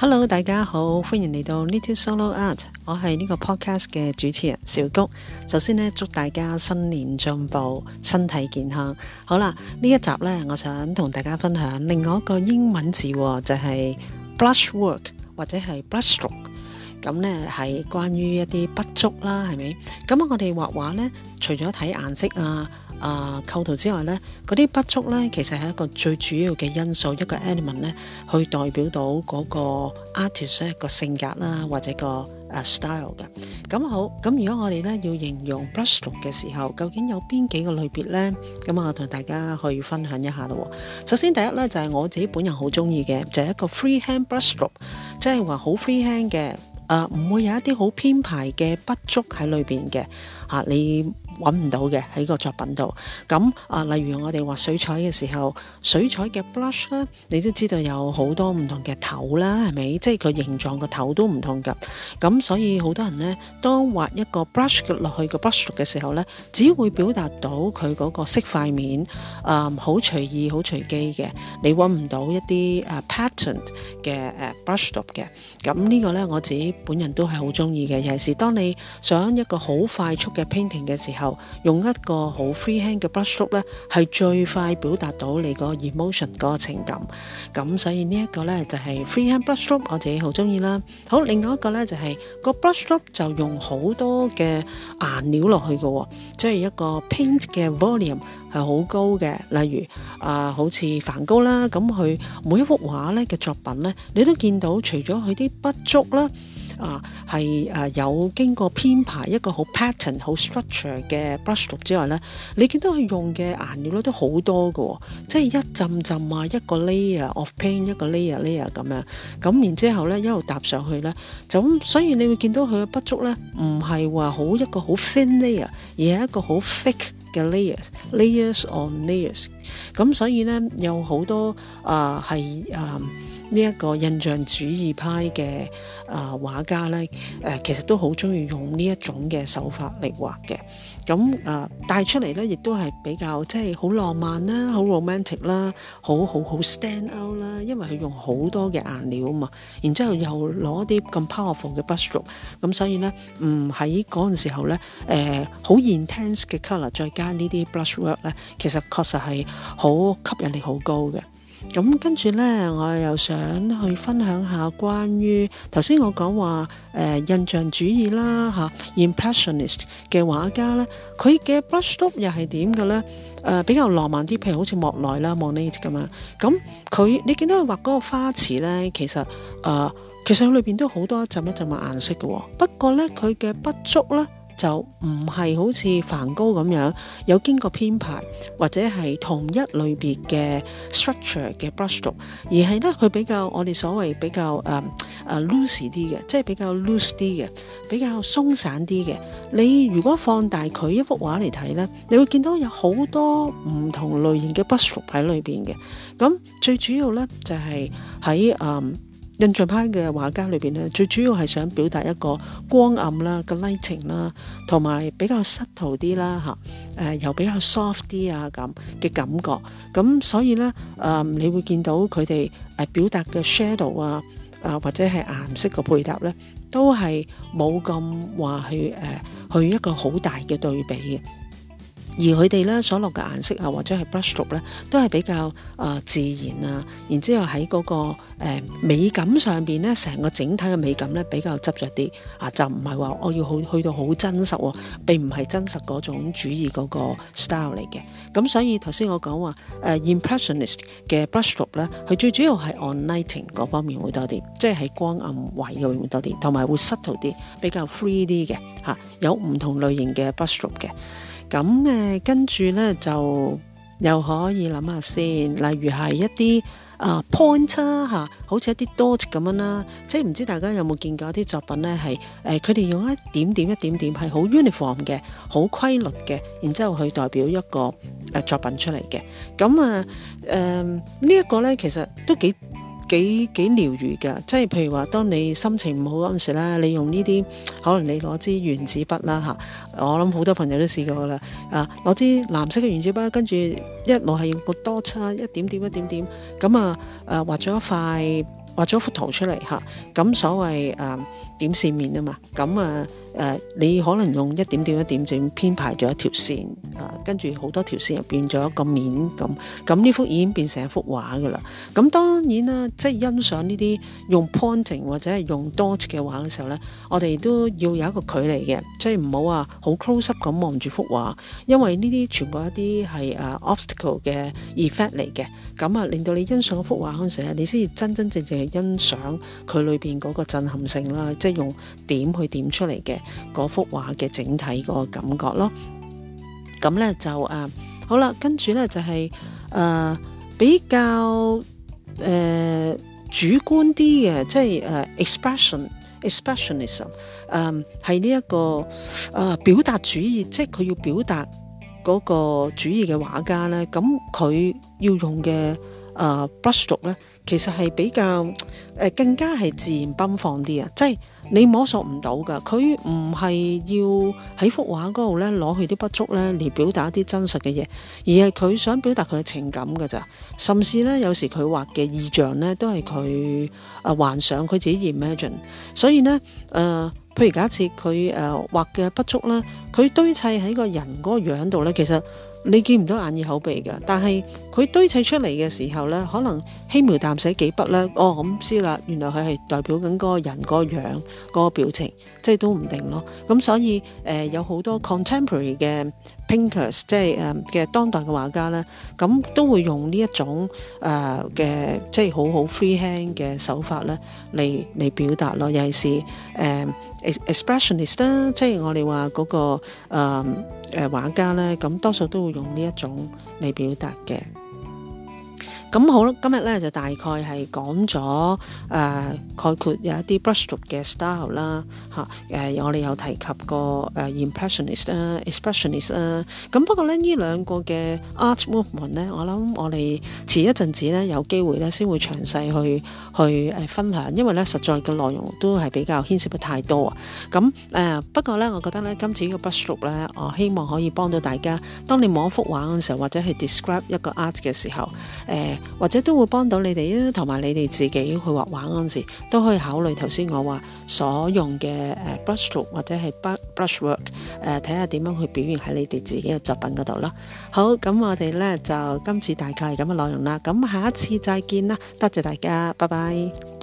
Hello，大家好，歡迎嚟到《Little Solo Art》，我係呢個 podcast 嘅主持人小谷。首先呢，祝大家新年進步，身體健康。好啦，呢一集呢，我想同大家分享另外一個英文字，就係、是、b l u s h w o r k 或者係 b l u s h l o r k 咁呢係關於一啲不足啦，係咪？咁我哋畫畫呢，除咗睇顏色啊，啊構圖之外咧，嗰啲筆觸咧，其實係一個最主要嘅因素，一個 element 咧，去代表到嗰個 artist 一個性格啦，或者個 style 嘅。咁好，咁如果我哋咧要形容 brushstroke 嘅時候，究竟有邊幾個類別咧？咁我同大家去分享一下咯。首先第一咧，就係我自己本人好中意嘅，就係一個 freehand brushstroke，即係話好 freehand 嘅，啊唔會有一啲好編排嘅筆觸喺裏邊嘅，吓你。揾唔到嘅喺個作品度，咁啊，例如我哋畫水彩嘅時候，水彩嘅 brush 咧，你都知道有好多唔同嘅頭啦，係咪？即係佢形狀個頭都唔同㗎，咁所以好多人咧，當畫一個 brush 落去個 brush 嘅時候咧，只會表達到佢個色塊面，啊、嗯，好隨意好隨機嘅，你揾唔到一啲誒 pattern 嘅誒 brush up 嘅。咁、uh, 呢個咧，我自己本人都係好中意嘅，尤其是當你想一個好快速嘅 painting 嘅時候。用一個好 freehand 嘅 brushstroke 咧，係最快表達到你個 emotion 嗰個情感。咁所以呢一個咧就係 freehand brushstroke，我自己好鍾意啦。好，另外一個咧就係個 brushstroke 就用好多嘅顏料落去嘅，即係一個 paint 嘅 volume 係好高嘅。例如啊，好似梵高啦，咁佢每一幅畫咧嘅作品咧，你都見到除咗佢啲筆觸啦。啊，係啊、呃，有經過編排一個好 pattern、好 structure 嘅 brushstroke 之外咧，你見到佢用嘅顏料咧都好多嘅、哦，即係一浸浸啊，一個 layer of paint，一個 layer layer 咁樣，咁然之後咧一路搭上去咧，就咁，所以你會見到佢嘅筆觸咧唔係話好一個好 thin layer，而係一個好 thick layer，嘅 layers，layers on layers。咁所以咧有好多啊係啊。呃呢、這、一個印象主義派嘅啊畫家咧，誒、呃、其實都好中意用呢一種嘅手法嚟畫嘅。咁啊帶出嚟咧，亦都係比較即係好浪漫啦，好 romantic 啦，好好好 stand out 啦。因為佢用好多嘅顏料啊嘛，然之後又攞啲咁 powerful 嘅 brushwork，咁所以咧，唔喺嗰陣時候咧，誒、呃、好 intense 嘅 color 再加這些 brush work 呢啲 brushwork 咧，其實確實係好吸引力好高嘅。咁跟住呢，我又想去分享一下關於頭先我講話誒印象主義啦、嚇、啊、Impressionist 嘅畫家呢，佢嘅 brushstroke 又係點嘅呢、呃？比較浪漫啲，譬如好似莫奈啦，Monet 咁嘛。咁佢你見到佢畫嗰個花池呢，其實誒、呃、其實佢裏邊都好多一陣一陣嘅顏色嘅、哦。不過呢，佢嘅不足呢，就唔係好似梵高咁樣有經過編排，或者係同一類別嘅 structure 嘅 brushstroke，而係咧佢比較我哋所謂比較誒誒、嗯啊、loose 啲嘅，即係比較 loose 啲嘅，比較鬆散啲嘅。你如果放大佢一幅畫嚟睇咧，你會見到有好多唔同類型嘅 brushstroke 喺裏邊嘅。咁最主要咧就係喺誒。嗯印象派嘅畫家裏邊咧，最主要係想表達一個光暗啦、個 lighting 啦，同埋比較 subtle 啲啦嚇，誒又比較 soft 啲啊咁嘅感覺。咁所以咧，誒你會見到佢哋誒表達嘅 shadow 啊，誒或者係顏色嘅配搭咧，都係冇咁話去誒去一個好大嘅對比嘅。而佢哋咧所落嘅顏色啊，或者係 brush stroke 咧，都係比較啊、呃、自然啊。然之後喺嗰、那個、呃、美感上邊咧，成個整體嘅美感咧比較執着啲啊，就唔係話我要去去到好真實喎、啊。並唔係真實嗰種主義嗰個 style 嚟嘅。咁所以頭先我講話誒 impressionist 嘅 brush stroke 咧，佢最主要係 on lighting 嗰方面會多啲，即係光暗位嗰邊會多啲，同埋會 subtle 啲，比較 free 啲嘅嚇，有唔同類型嘅 brush stroke 嘅。咁誒、啊，跟住咧就又可以諗下先，例如係一啲啊 point 啦、嚇、好似一啲 dot 咁樣啦、啊，即係唔知大家有冇見過一啲作品咧係誒，佢哋用一點點一點點係好 uniform 嘅，好規律嘅，然之後去代表一個、誒、作品出嚟嘅。咁啊，啊，啊、誒、呢一個咧其實都幾。幾幾療愈嘅，即係譬如話，當你心情唔好嗰陣時咧，你用呢啲可能你攞支原子筆啦吓，我諗好多朋友都試過啦，啊，攞支藍色嘅原子筆，跟住一路係用一個多叉，一點點一點點，咁啊，誒、啊、畫咗一塊畫咗幅圖出嚟吓，咁、啊、所謂誒。啊點線面啊嘛，咁啊誒、呃，你可能用一點點一點整編排咗一條線啊，跟住好多條線又變咗一個面咁，咁呢幅已經變成一幅畫噶啦。咁當然啦、啊，即係欣賞呢啲用 pointing 或者係用 dots 嘅畫嘅時候咧，我哋都要有一個距離嘅，即係唔好話好 close up 咁望住幅畫，因為呢啲全部一啲係誒 obstacle 嘅 effect 嚟嘅，咁啊令到你欣賞幅畫嗰陣時候，你先至真真正正係欣賞佢裏邊嗰個震撼性啦，用點去點出嚟嘅嗰幅畫嘅整體嗰個感覺咯，咁咧就誒、啊、好啦，跟住咧就係、是、誒、呃、比較誒、呃、主觀啲嘅，即係誒 expression expressionism，誒係呢一個誒、呃、表達主義，即係佢要表達嗰個主義嘅畫家咧，咁佢要用嘅。誒筆觸咧，其實係比較、呃、更加係自然奔放啲啊！即、就、係、是、你摸索唔到噶，佢唔係要喺幅畫嗰度咧攞佢啲筆觸咧嚟表達一啲真實嘅嘢，而係佢想表達佢嘅情感㗎咋。甚至咧，有時佢畫嘅意象咧，都係佢誒幻想佢自己 imagine。所以呢，誒、呃、譬如假設佢誒畫嘅筆觸咧，佢堆砌喺個人嗰個樣度咧，其實你見唔到眼耳口鼻嘅，但係。佢堆砌出嚟嘅時候咧，可能輕描淡寫幾筆咧，哦，咁知啦，原來佢係代表緊嗰個人、個樣、個表情，即係都唔定咯。咁所以誒、呃，有好多 contemporary 嘅 painters 即係誒嘅當代嘅畫家咧，咁都會用呢一種誒嘅、呃、即係好好 freehand 嘅手法咧，嚟嚟表達咯。尤其是誒、呃、expressionist，啦、那個，即係我哋話嗰個誒誒畫家咧，咁多數都會用呢一種嚟表達嘅。咁好啦，今日咧就大概係講咗誒，概括有一啲 brushstroke 嘅 style 啦、啊，嚇、呃、誒，我哋有提及過誒、呃、impressionist 啦、啊、，expressionist 咁、啊、不過咧，呢兩個嘅 art movement 咧，我諗我哋遲一陣子咧有機會咧先會詳細去去分享，因為咧實在嘅內容都係比較牽涉得太多啊。咁、呃、不過咧，我覺得咧今次個 brush 呢個 brushstroke 咧，我希望可以幫到大家。當你望一幅畫嘅時候，或者去 describe 一個 art 嘅時候，呃或者都會幫到你哋啊，同埋你哋自己去畫畫嗰陣時，都可以考慮頭先我話所用嘅誒 brush 或者係 brushwork，誒、呃、睇下點樣去表現喺你哋自己嘅作品嗰度咯。好，咁我哋呢就今次大概係咁嘅內容啦。咁下一次再見啦，多謝大家，拜拜。